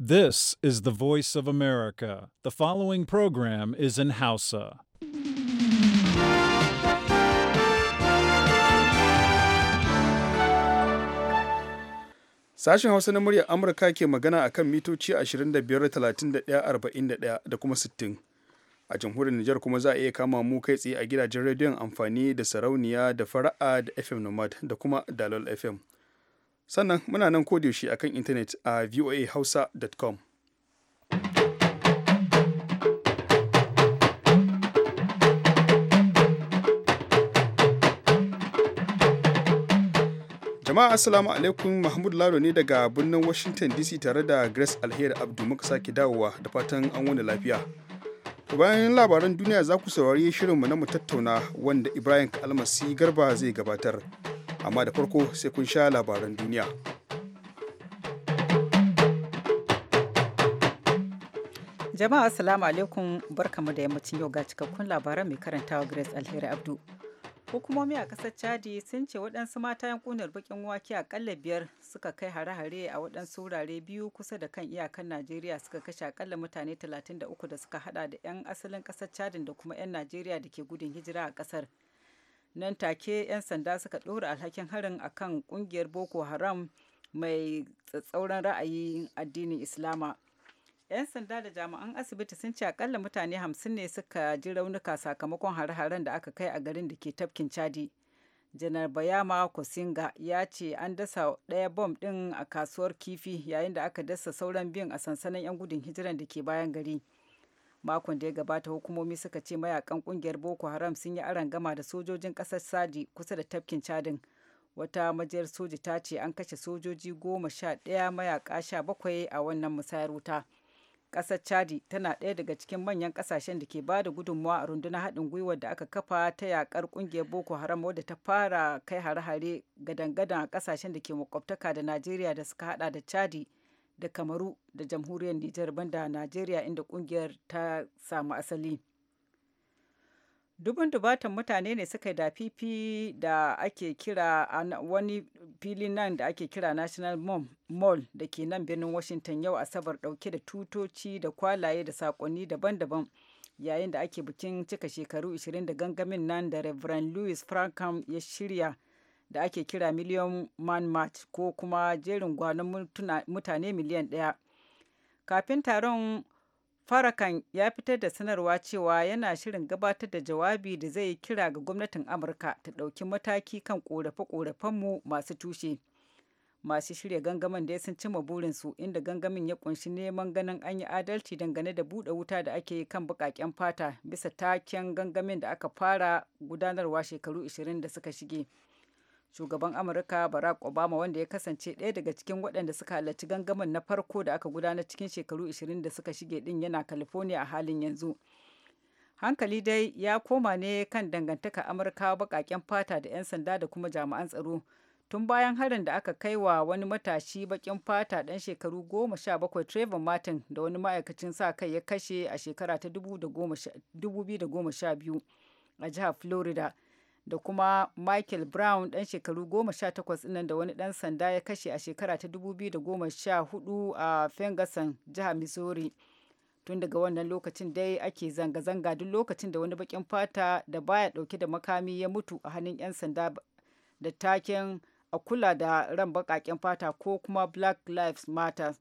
This is the voice of America. The following program is in Hausa. Sashen Hausa na muryar Amurka ke magana akan mitoci 25, 31, 41 da kuma 60. a jamhuriyar Nijar kuma za a iya kama mu kai tsaye a gidajen rediyon amfani da sarauniya da fara'a da FM Nomad da kuma Dalol FM. sannan muna nan ko kodiyoshi a kan intanet a voahausa.com jama'a assalamu alaikum mahmud laro ne daga birnin washington dc tare da grace alheri abdu muka sake dawowa da fatan an wani lafiya to bayan labaran duniya za ku saurari shirinmu na mu tattauna wanda ibrahim almasi garba zai gabatar amma da farko sai kun sha labaran duniya. Jama'a Assalamu alaikum barkamu da yammacin yau ga cikakkun labaran mai karantawa Grace Alheri Abdu. Hukumomi a ƙasar Chadi sun ce waɗansu mata yankunar bakin wake aƙalla biyar suka kai hare-hare a waɗansu wurare biyu kusa da kan iyakan Najeriya suka kashe akalla mutane 33 da suka hada da 'yan asalin ƙasar Chadin da kuma 'yan Najeriya da ke gudun hijira a ƙasar. nan take 'yan sanda suka ɗora alhakin harin a kan ƙungiyar boko haram mai tsatsauran ra'ayin addinin islama 'yan sanda da jami'an asibiti sun ce akalla mutane hamsin ne suka ji raunuka sakamakon hare-haren da aka kai a garin da ke tafkin chadi janar bayama kosinga ya ce an dasa ɗaya bom ɗin a kasuwar kifi yayin da aka dasa sauran biyun a sansanin 'yan gudun hijiran da ke bayan gari makon da ya gabata hukumomi suka ce mayakan kungiyar boko haram sun yi aron gama da sojojin kasar sadi kusa da tafkin chadin wata majiyar soja ta ce an kashe sojoji goma sha daya mayaka sha bakwai a wannan musayar wuta ƙasar chadi tana ɗaya daga cikin manyan ƙasashen da ke bada gudunmawa a rundunar haɗin gwiwar da aka kafa ta yaƙar ƙungiyar boko haram wadda ta fara kai hare-hare gadan-gadan a ƙasashen da ke makwabtaka da najeriya da suka haɗa da chadi da kamaru da jamhuriyar nijar banda najeriya inda kungiyar ta samu asali dubin dubatan mutane ne suka da fifi da ake kira wani fili nan da ake kira national mall da ke nan birnin washington yau asabar ɗauke da tutoci da kwalaye da saƙonni daban-daban yayin da ake bikin cika shekaru 20 da gangamin nan da reverend louis frankham ya shirya da ake kira miliyon man march ko kuma jerin gwanon mutane miliyan ɗaya kafin taron farakan ya fitar da sanarwa cewa yana shirin gabatar da jawabi da zai kira ga gwamnatin amurka ta ɗauki mataki kan ƙorafe-ƙorafenmu masu tushe masu shirya gangamin da ya sun cimma burinsu inda gangamin ya kunshi neman ganin an yi adalci dangane da buɗe wuta da ake kan buƙaƙen fata bisa taken gangamin da aka fara gudanarwa shekaru 20 da suka shige shugaban amurka barack obama wanda ya kasance ɗaya daga cikin waɗanda suka halarci gangamin na farko da aka gudanar cikin shekaru 20 da suka shige ɗin yana california a halin yanzu hankali dai ya koma ne kan dangantaka amurka baƙaƙen fata da 'yan sanda da kuma jami'an tsaro tun bayan harin da aka kai wa wani matashi baƙin fata ɗan shekaru goma sha bakwai trevor martin da wani ma'aikacin sa kai ya kashe a shekara ta 2012 a jihar florida da kuma michael brown dan shekaru 18 nan da wani ɗan sanda ya kashe a shekara ta 2014 a ferguson jihar missouri tun daga wannan lokacin dai ake zanga-zanga duk lokacin da wani bakin fata da baya ɗauke da makami ya mutu a hannun 'yan sanda da taken a kula da ran baƙaƙen fata ko kuma black lives matter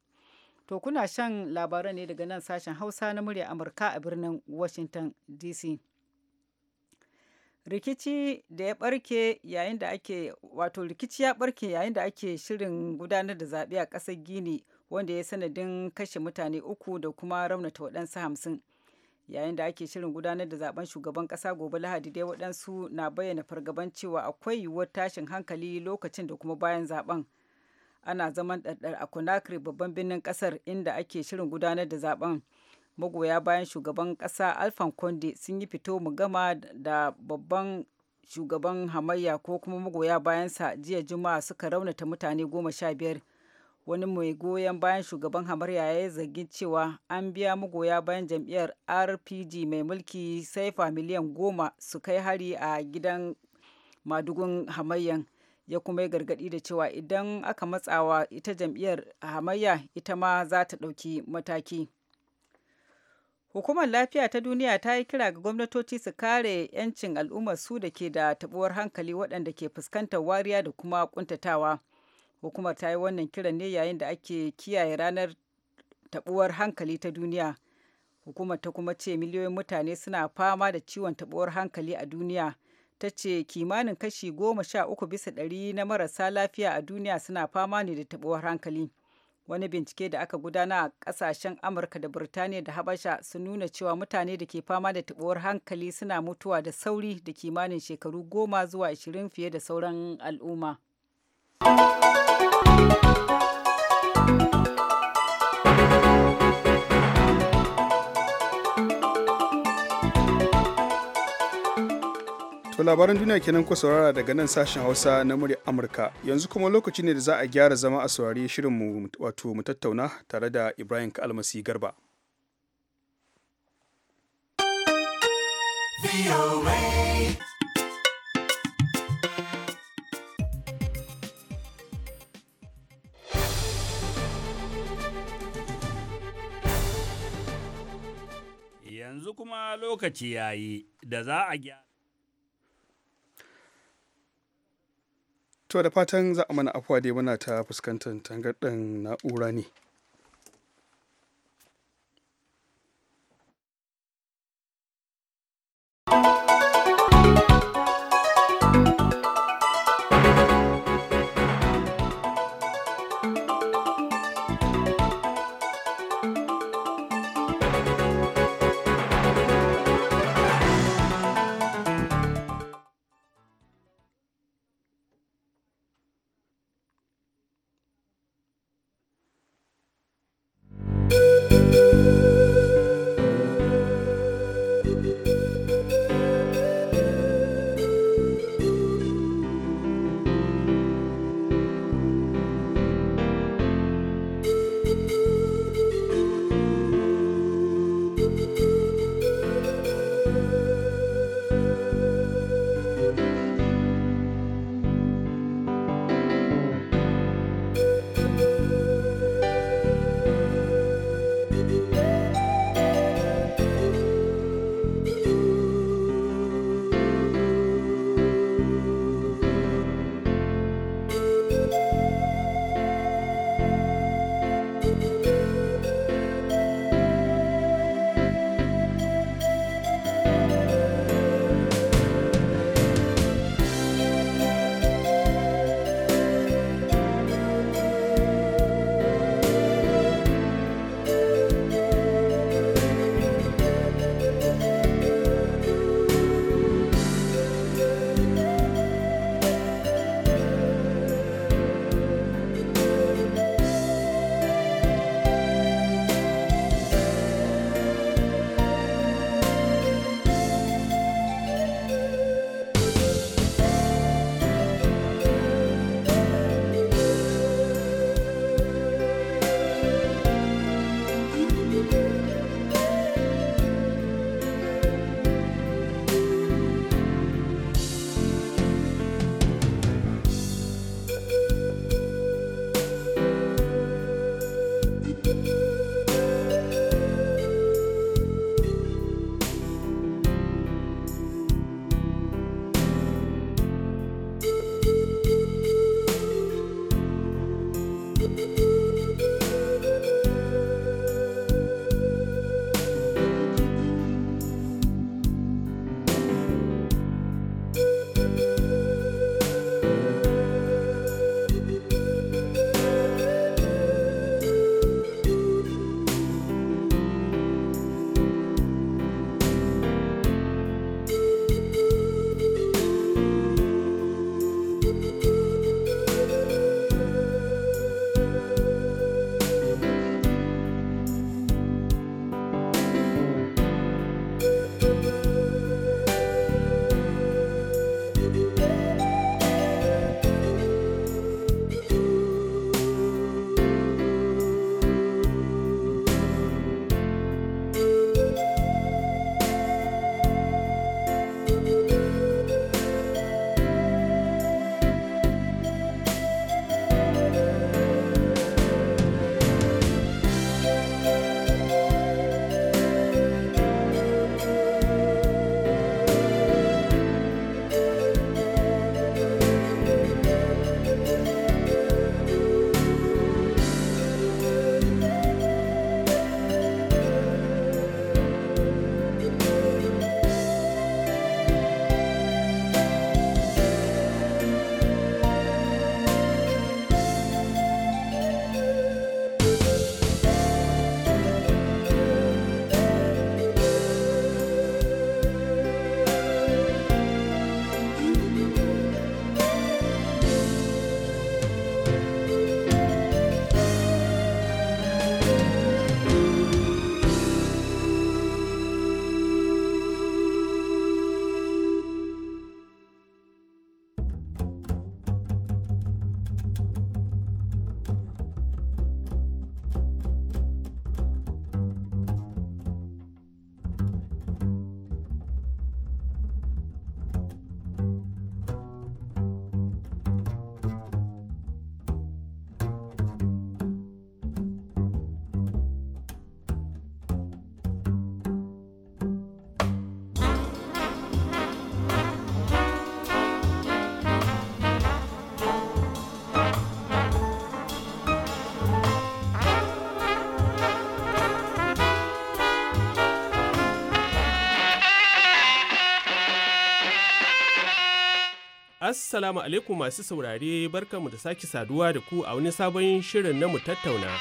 to kuna shan labaran ne daga nan sashen hausa na murya amurka a birnin washington dc rikici da ya barke yayin da ake wato rikici ya barke yayin da ake shirin gudanar da zaɓe a ƙasar gini wanda ya sanadin kashe mutane uku da kuma raunata waɗansu hamsin yayin da ake shirin gudanar da zaben shugaban ƙasa gobe lahadi dai waɗansu na bayyana fargaban cewa akwai yiwuwar tashin hankali lokacin da kuma bayan zaben ana zaman ɗarɗar a conakry babban birnin ƙasar inda ake shirin gudanar da zaben magoya bayan shugaban kasa alfan conde sun yi fito mu gama da babban shugaban hamayya ko kuma magoya bayansa jiya juma'a suka raunata mutane goma sha biyar wani mai goyon bayan shugaban hamayya ya yi zargin cewa an biya magoya bayan jam'iyyar rpg mai mulki saifa miliyan goma su kai hari a gidan madugun hamayyan ya kuma yi gargaɗi da cewa idan aka matsawa ita jam'iyyar hamayya ita ma za ta ɗauki mataki Hukumar Lafiya ta Duniya ta yi kira ga gwamnatoci su kare 'yancin al'ummar su da ke da tabuwar hankali waɗanda ke fuskantar wariya da kuma kuntatawa. Hukumar ta yi wannan kiran ne yayin da ake kiyaye ranar tabuwar hankali ta duniya. Hukumar ta kuma ce miliyoyin mutane suna fama da ciwon tabuwar hankali a duniya. Ta ce kimanin kashi goma sha uku bisa ɗari na marasa lafiya a duniya suna fama ne da tabuwar hankali. wani bincike da aka gudana a kasashen amurka da birtaniya da habasha sun nuna cewa mutane da ke fama da tabuwar hankali suna mutuwa da sauri da kimanin shekaru goma zuwa ashirin fiye da sauran al'umma To labaran duniya kenan ku saurara daga nan sashen Hausa na muryar Amurka. Yanzu kuma lokaci ne da za a gyara zama a saurari mu wato mu tattauna tare da Ibrahim Kalmasi Garba. Yanzu kuma lokaci yayi da za a gyara. to da fatan za a mana afuwa dai muna ta fuskantar tangarɗin na'ura ne you Assalamu alaikum masu saurare mu da sake saduwa da ku a wani sabon shirin na mu tattauna.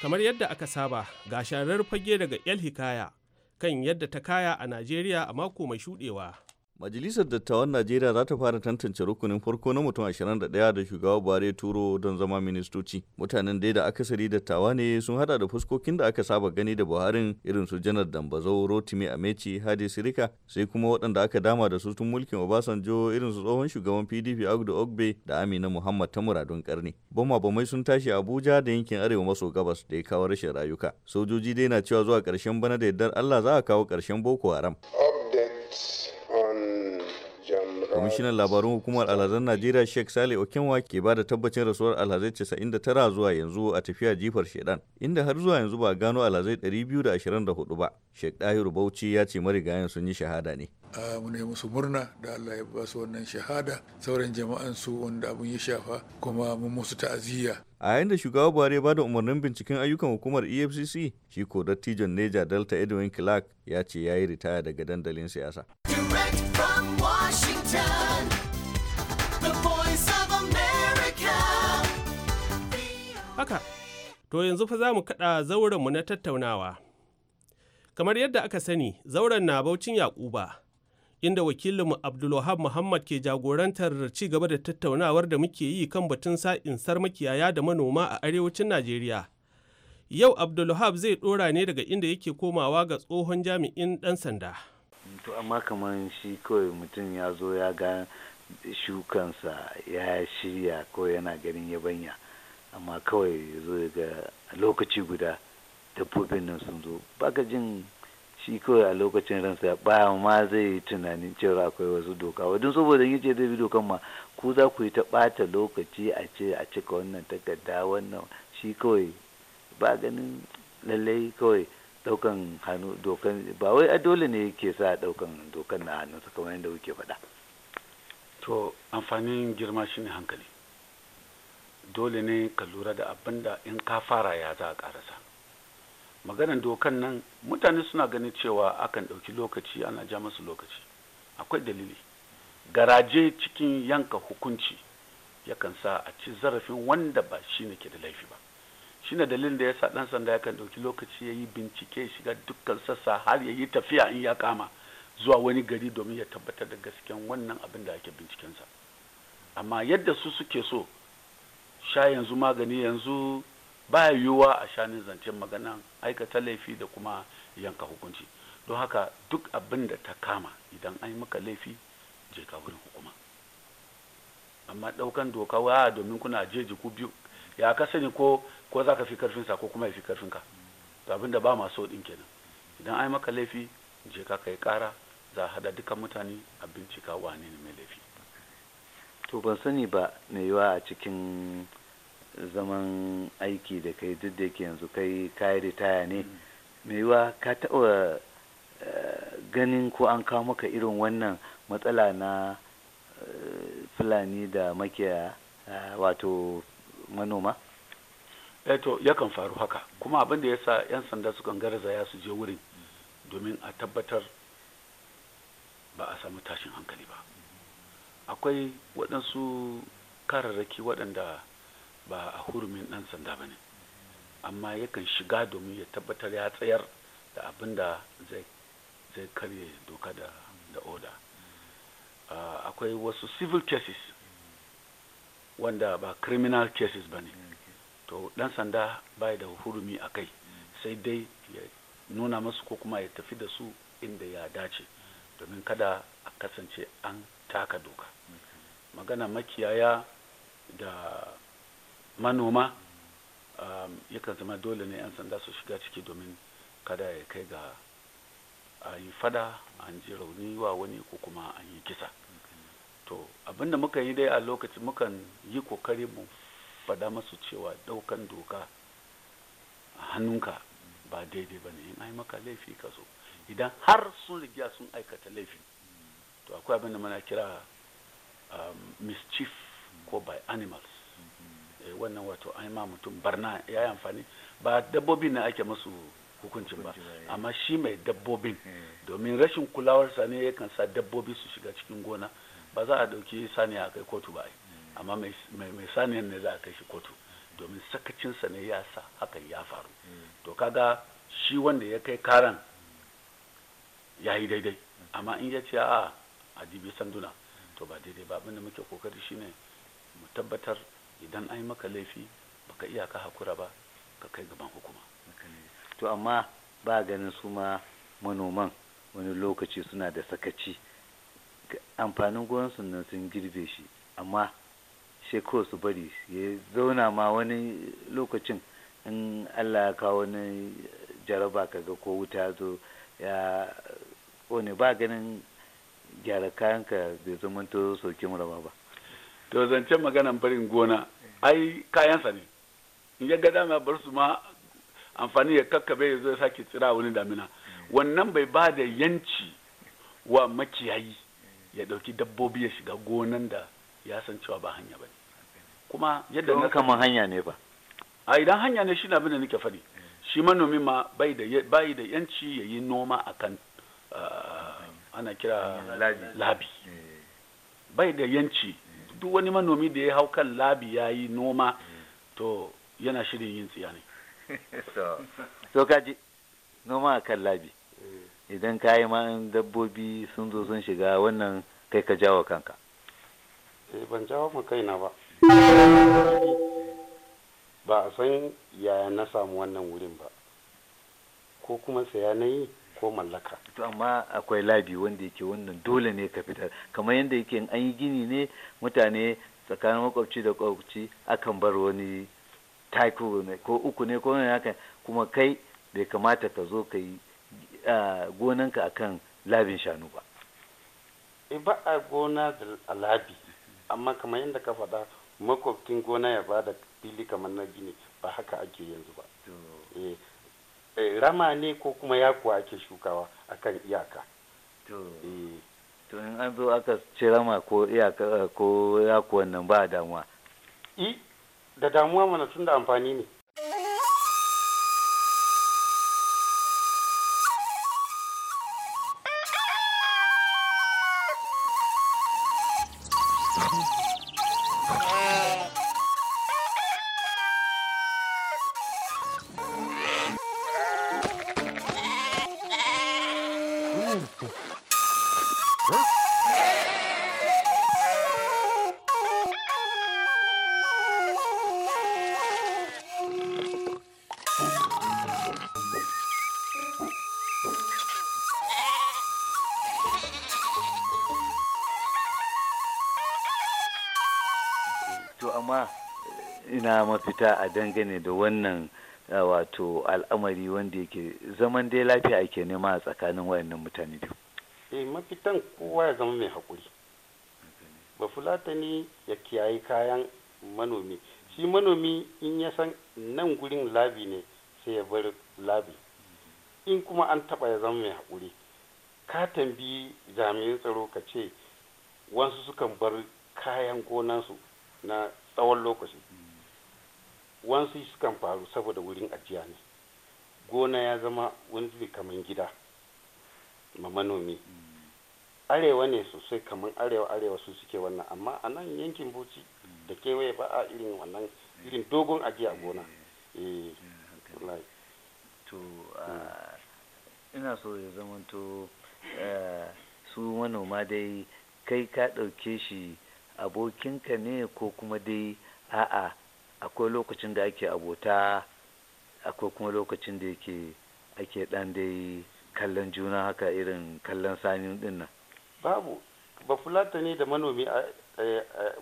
Kamar yadda aka saba, ga sharar fage daga El Hikaya kan yadda ta kaya a Najeriya a mako mai shuɗewa. Majalisar Dattawan Najeriya za ta fara tantance rukunin farko na mutum 21 da shugaba Buhari turo don zama ministoci. Mutanen dai da akasari dattawa ne sun hada da fuskokin da aka saba gani da Buharin irin su Janar Dambazau, Rotimi Amechi, Hadi Sirika, sai kuma waɗanda aka dama da su tun mulkin Obasanjo irin su tsohon shugaban PDP Agdu Ogbe da Amina Muhammad ta muradun karni. Bama bamai sun tashi Abuja da yankin Arewa maso gabas da ya kawo rashin rayuka. Sojoji dai na cewa zuwa ƙarshen bana da yardar Allah za a kawo ƙarshen Boko Haram. Kwamishinan labarun hukumar alhazan Najeriya Sheikh Sale Okenwa ke ba da tabbacin rasuwar alhazai tara zuwa yanzu a tafiya jifar shedan inda har zuwa yanzu ba a gano alhazai da ashirin 224 ba. Sheikh Dahiru Bauchi ya ce marigayen sun yi shahada ne. mu ne musu murna da Allah ya ba su wannan shahada sauran jama'an su wanda abun ya shafa kuma mun musu ta'aziyya a yayin da shugaba Buhari ya bada umarnin binciken ayyukan hukumar EFCC shi ko dattijon Neja Delta Edwin Clark ya ce ya yi ritaya daga dandalin siyasa. Direct from Washington. Haka, to yanzu fa za mu kaɗa zaurenmu na tattaunawa. Kamar yadda aka sani, zauren na Baucin Yakuba, inda wakilinmu Abdulwahab Muhammad ke jagorantar ci gaba da tattaunawar da muke yi kan batun sa'insar makiyaya da manoma a arewacin Najeriya. Yau Abdulwahab zai ɗora ne daga inda yake komawa ga tsohon jami'in ɗan sanda. to amma kamar shi kawai mutum ya zo ya ga shukansa ya shirya ko yana ganin yabanya amma kawai ya zo ga lokaci guda dabbobin nan sun zo baka jin shi kawai a lokacin ransa ya ma zai yi tunanin cewa akwai wasu doka wadin saboda yace zai bi dokan ma ku za ku yi ta bata lokaci a ce a cika wannan takarda wannan shi kawai ba ganin lallai kawai daukan hannu dokan ba wai a dole ne ke sa daukan dokan na hannunsa kamar yadda kuke faɗa to amfanin girma shine hankali dole ne ka lura da abin da in ka fara ya za a karasa maganan dokan nan mutane suna ganin cewa akan ɗauki lokaci ana ja masu lokaci akwai dalili garaje cikin yanka hukunci yakan sa a ci zarafin wanda ba shi ne ke da laifi ba shine dalilin da ya sa dan sanda yakan ɗauki lokaci yayi bincike shiga dukkan sassa har yayi tafiya in ya kama zuwa wani gari domin ya tabbatar da gasken wannan abin da ake bincikensa amma yadda su suke so sha yanzu magani yanzu ba yiwuwa a shanin zancen magana aikata laifi da kuma yanka hukunci don haka duk abin da ta kama idan an yi maka laifi je ka wurin hukuma amma ɗaukan doka waya domin kuna jeji ku biyu ya ka sani ko ko za ka fi sa ko kuma ya fi ka to abinda ba ma so din kenan idan ai maka laifi je ka kai kara za a hada dukkan mutane a bincika wane ne mai laifi to ban sani ba mai yiwa a cikin zaman aiki da kai duk da yake yanzu kai kai ritaya ne mai yiwa ka taɓa eh, ganin ko an kawo maka irin wannan matsala na eh, fulani da makiya eh, wato manoma eh to yakan faru haka kuma abin da sa yan sanda sukan garzaya su je wurin domin a tabbatar ba a samu tashin hankali ba akwai waɗansu kararraki waɗanda ba a hurumin ɗan sanda ba ne amma yakan shiga domin ya tabbatar ya tsayar da abin da zai karye doka da oda ah, akwai wasu civil cases wanda ba criminal cases ba ne to dan sanda bai da hurumi a kai sai dai ya nuna masu ko kuma ya tafi da su inda ya dace domin kada a kasance an taka doka magana makiyaya da manoma um, yakan zama dole ne 'yan sanda su shiga ciki domin kada ya kai ga a yi fada an ji rauni wa wani ko kuma an yi kisa to abinda muka yi dai a lokaci mukan yi kokari mu faɗa masu cewa ɗaukan doka a hannunka ba daidai ba ne in ai maka laifi ka so idan har sun rigya sun aikata laifi to akwai abin da mana kira um, mischief ko by animals mm-hmm. eh, wannan wato ai ma mutum barna ya yi amfani ba dabbobin na ake masu hukuncin ba eh. amma shi mai dabbobin eh. domin rashin kulawarsa ne yakan sa dabbobi su shiga cikin gona ba za a ɗauki saniya a kai kotu ba ai amma mai saniyan ne za a kai shi kotu domin sakacinsa ne ya sa hakan ya faru mm. to kaga shi wanda ya kai karan ya yi daidai amma in ya ce a a dibi sanduna to ba daidai ba abinda muke kokari shine mu tabbatar idan an yi maka laifi baka iya ka hakura ba ka kai gaban hukuma to amma ba ganin su ma manoman wani lokaci suna da sakaci amfanin gonsu nan sun girbe shi amma sai kawai su bari ya zauna ma wani lokacin in allah ya kawo wani jaraba kaga ko wuta zo ya kone ba ganin gyara kayanka bai zamanto sauke raba ba to zancen maganan barin gona ai kayansa ne in ya ga ma bar su ma amfani ya kakkabe ya zo ya sake tsira wani damina wannan bai ba da yanci wa makiyayi ya dauki dabbobi ya shiga gonan da ya san cewa ba hanya ba ne kuma yadda na kama hanya ne ba a idan hanya ne shi na da nake fari shi manomi ma bai da bai yanci ya yi noma akan ah, ana kira labi eh. bai da yanci duk wani manomi da ya hau kan labi ya yi noma to yana shirin yin tsiya ne so kaji noma akan labi eh. idan ka yi ma'an dabbobi sun zo sun shiga wannan kai ka jawo kanka eh, ban jawo ma kaina ba ba a san yaya na samu wannan wurin ba ko kuma saya na yi ko mallaka to amma akwai labi wanda yake wannan dole ne ka fitar kamar yadda yake an yi gini ne mutane tsakanin makwabci da makwabci akan bar wani taiko ne ko uku ne ko wani haka kuma kai bai kamata ka zo ka yi gonanka akan labin shanu ba eh, ba a gona da labi amma kamar yadda ka faɗa makwabtin gona ya ba da fili kamar na gini ba haka ake yanzu ba eh, eh, rama ne ko kuma yakuwa ake shukawa akan iyaka to eh. an zo aka ce rama ko iyaka ko kuwa nan ba damuwa da damuwa mana tun da amfani ne to amma ina mafita a dangane da wannan wato al'amari wanda yake zaman dai lafiya ake nema a tsakanin wayannan mutane biyu eh mafitan kowa ya zama mai haƙuri ba fulatani ya kiyaye kayan manomi shi manomi in ya san nan gurin labi ne sai ya bar labi in kuma an taɓa ya zama mai haƙuri ka tambi jami'in tsaro ka ce wasu sukan bar kayan gonansu na tsawon lokaci wansu sukan faru saboda wurin ajiya ne gona ya zama wani kamar gida ma manomi arewa ne sosai kamar arewa arewa su suke wannan amma a nan yankin bauchi da kewaye ba a irin wannan irin dogon ajiya a gona eh, eh, eh, to hmm. ah, ina so ya to su manoma dai kai ka ɗauke shi abokinka ne ko kuma dai a'a akwai lokacin da ake abota akwai kuma lokacin da yake ake dan dai kallon juna haka irin kallon sani din nan babu ba fulata ne da manomi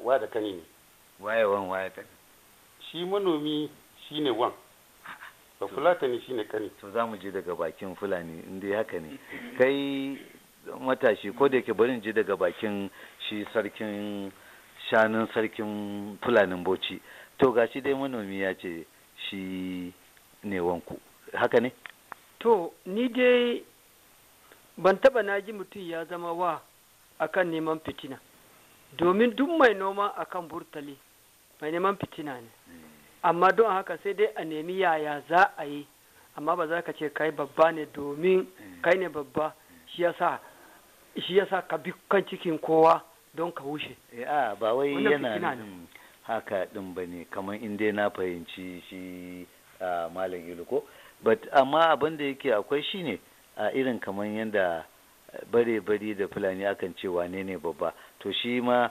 wa da kani ne waye wan waye ta shi manomi shine wan ba ne shine kani to za mu je daga bakin fulani in dai haka ne kai matashi ko da yake barin je daga bakin shi sarkin shanun sarkin fulanin bauchi to gashi dai manomi ya ce shi ne wanku haka ne to ni dai ban taba na ji mutum ya zama wa akan neman fitina domin duk mai noma akan burtali mai neman fitina ne hmm. amma don haka sai dai a nemi yaya za a yi amma ba za ka ce kai babba ne domin hmm. kai ne babba shi yasa ka bi kan cikin kowa don ka hushe eh, a ba wai yana haka din ba ne kamar inda na fahimci shi malam iluko but amma abin da yake akwai ne a irin kamar yadda bare bare da fulani akan ce wane ne babba to shi ma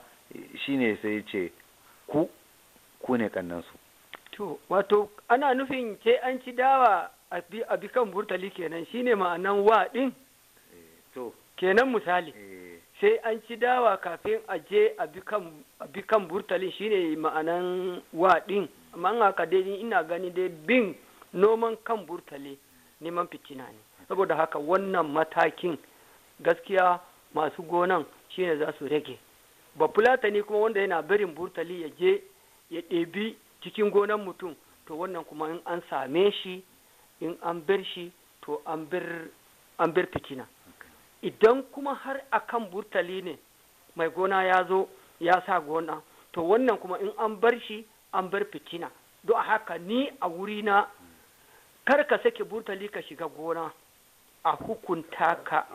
ne sai ce ku ku ne kannansu to wato ana nufin ke an ci dawa a bi kan burtali kenan ne ma'anan wa eh, kenan misali eh, sai an ci dawa kafin a je a bi kan burtalin shine ma'anan waɗin amma haka dai ina gani dai bin noman kan burtali neman fitina ne saboda haka wannan matakin gaskiya masu gonan shine za su rage ba ne kuma wanda yana barin burtali ya je ya ɗebi cikin gonan mutum to wannan kuma in an same shi in an bar shi to an bar fitina idan kuma har akan burtali ne mai gona ya zo ya sa gona to wannan kuma in an bar shi an bar fitina don haka ni a wurina kar ka sake burtali ka shiga gona a hukunta ka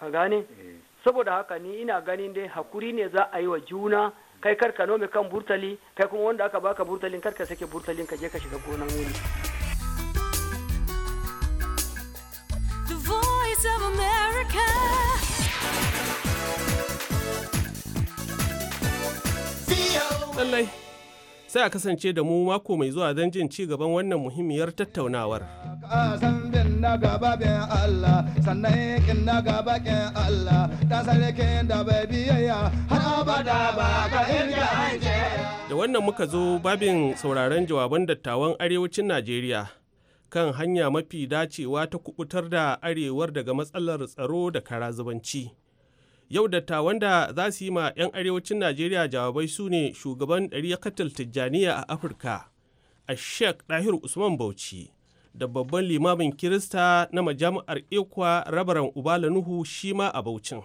a gane eh. saboda haka ni ina ganin dai hakuri ne za a yi wa juna kai kar ka nome kan burtali kai kuma wanda aka baka burtalin karka sake burtalin ka je ka shiga gonan wuri sai a kasance da mu mako mai zuwa don jin ci gaban wannan muhimmiyar tattaunawar. Da wannan muka zo babin sauraron jawaban dattawan arewacin Najeriya kan hanya mafi dacewa ta kubutar da arewar daga matsalar tsaro da karazubanci. Yau dattawan da za su yi ma 'yan arewacin Najeriya jawabai su ne shugaban ɗariyakatar Tijjaniya a Afirka, a sheik Ɗahir Usman Bauchi, da babban limamin Kirista na majami'ar Ikwa Rabaran Ubala Nuhu shi ma a Baucin.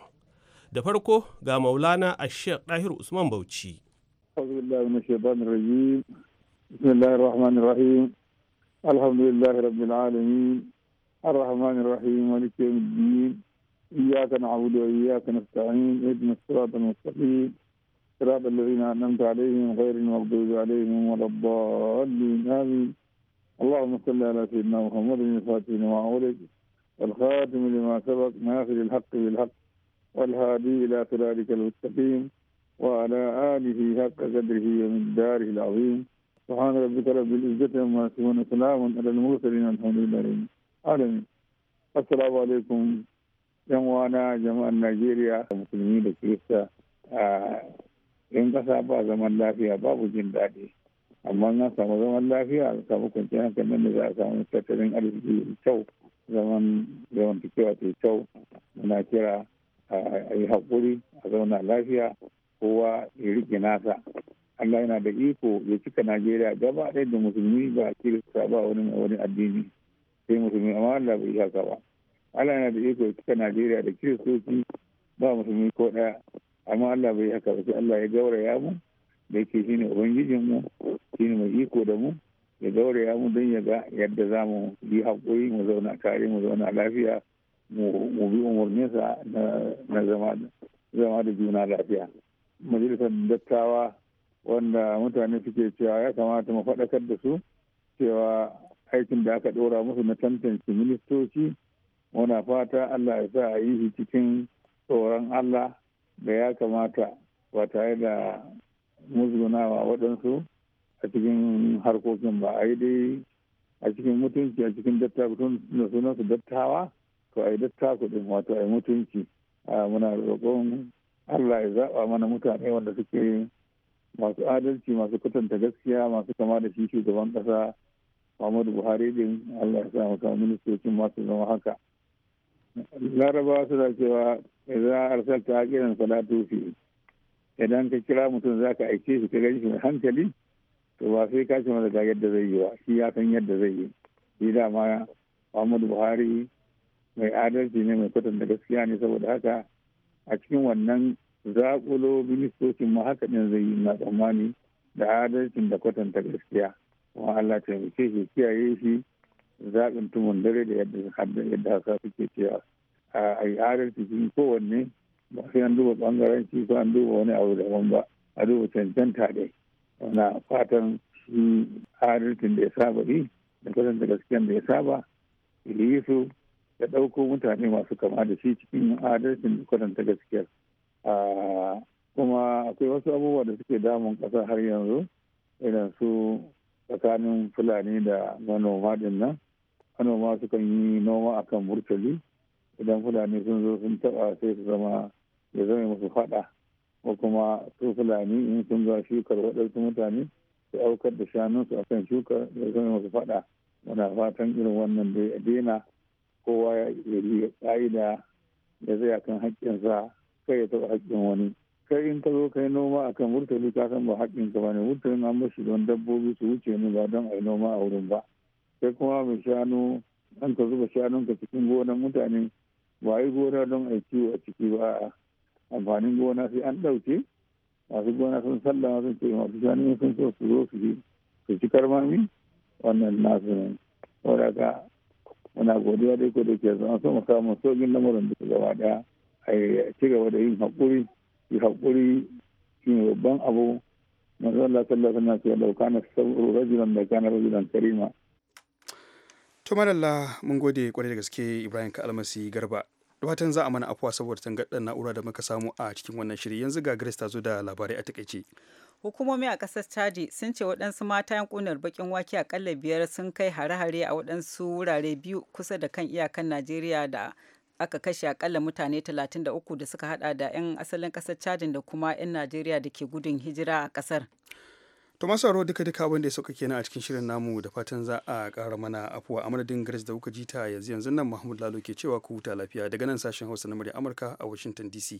Da farko ga Maulana a sheik Ɗahir Usman Bauchi. بسم rabbil alamin, ar الحمد لله رب العالمين إياك نعبد وإياك نستعين اهدنا الصراط المستقيم صراط الذين أنعمت عليهم غير المغضوب عليهم ولا الضالين آمين اللهم صل على سيدنا محمد الفاتح لما أولد والخاتم لما سبق ناخذ الحق بالحق والهادي إلى صراطك المستقيم وعلى آله حق قدره ومن داره العظيم سبحان ربك رب العزة عما يصفون وسلام على المرسلين الحمد لله العالمين السلام عليكم yan wana jama'ar najeriya da musulmi da kirista a yan kasa ba zaman lafiya babu jin daɗi amma na samu zaman lafiya a samu kwanciyar hankalin da za a samu tattalin arziki kyau zaman zaman tukewa ta kyau muna kira a yi haƙuri a zauna lafiya kowa ya riƙe nasa Allah yana da iko ya cika Najeriya gaba ɗaya da musulmi ba kirista ba wani wani addini sai musulmi amma Allah bai haka ba Allah yana da iko ta Najeriya da Kiristoci ba musulmi ko ɗaya amma Allah bai haka ba sai Allah ya gauraya mu da yake shine ubangijin mu shine mai iko da mu ya gauraya mu don ya ga yadda za mu yi haƙuri mu zauna tare mu zauna lafiya mu bi umarninsa na zama da juna lafiya majalisar dattawa wanda mutane suke cewa ya kamata mu faɗakar da su cewa aikin da aka ɗora musu na tantance ministoci muna fata allah ya sa a yi shi cikin tsoron allah da ya kamata ba tare da musgunawa waɗansu a cikin harkokin ba a yi dai a cikin mutunci a cikin dattakun da sunansu dattawa to a yi dattaku ɗin wato a yi mutunci muna roƙon allah ya zaɓa mana mutane wanda suke masu adalci masu kwatanta gaskiya masu kama da shi shugaban ƙasa muhammadu buhari din allah ya sa maka ministocin masu zama haka su suna cewa za a idan arsalta hakinan fada fi idan ka kira mutum za ka aike shi ta gani shi mai hankali to ba sai ka ce masa ga yadda zai yi ba shi ya san yadda zai yi shi ma Muhammadu Buhari mai adalci ne mai kwatanta gaskiya ne saboda haka a cikin wannan zakulo ministocin ma haka zai yi na tsammani da adalcin da kwatanta gaskiya kuma Allah taimake shi kiyaye shi zaɓin tumun dare da yadda yadda haka suke cewa a yi adalci cikin kowanne ba sai an duba bangaranci ko an duba wani abu daban ba a duba cancanta dai na fatan shi adalcin da ya saba yi da da gaskiyan da ya saba yi su ya ɗauko mutane masu kama da shi cikin adalcin da da gaskiyar kuma akwai wasu abubuwa da suke damun ƙasa har yanzu idan su tsakanin fulani da manoma din nan manoma sukan yi noma akan murtali idan fulani sun zo sun taba sai su zama ya zama musu fada ko kuma su fulani in sun zo shukar waɗansu mutane su aukar da shanunsu a kan shukar ya zama musu fada muna fatan irin wannan da ya daina kowa ya yi ƙa'ida ya zai kan haƙƙinsa kai ya taɓa haƙƙin wani kai in ka zo kai noma akan murtali ka san ba ka ba ne murtalin an mashi don dabbobi su wuce ni ba don a yi noma a wurin ba sai kuma mai shanu an ka zuba shanunka cikin gonan mutane ba yi gona don a kiwo a ciki ba a amfanin gona sai an ɗauke masu gona sun sallama sun ce masu shanu sun so su zo su yi su ci karmami wannan nasu ne saboda wana godiya dai ko da ke zama so mu samu lamarin da gaba da a ci gaba da yin haƙuri yi haƙuri shi babban abu manzo Allah sallallahu alaihi wasallam ya dauka na sabu rajulan da kana rajulan karima to madalla mun gode kwarai da gaske ibrahim ka almasi garba fatan za a mana afuwa saboda tangarɗar na'ura da muka samu a cikin wannan shiri yanzu ga grace ta zo da labarai a takaice hukumomi a kasar chadi sun ce waɗansu mata yankunar bakin wake akalla biyar sun kai hare-hare a waɗansu wurare biyu kusa da kan iyakan najeriya da aka kashe akalla mutane 33 da suka hada da 'yan asalin kasar chadin da kuma 'yan najeriya da ke gudun hijira a kasar to masu sauraro duka duka abin ya sauka kenan a cikin shirin namu da fatan za a ƙara mana afuwa a madadin grace da kuka ji ta yanzu yanzu nan mahmud lalo ke cewa ku huta lafiya daga nan sashen hausa na murya amurka a washington dc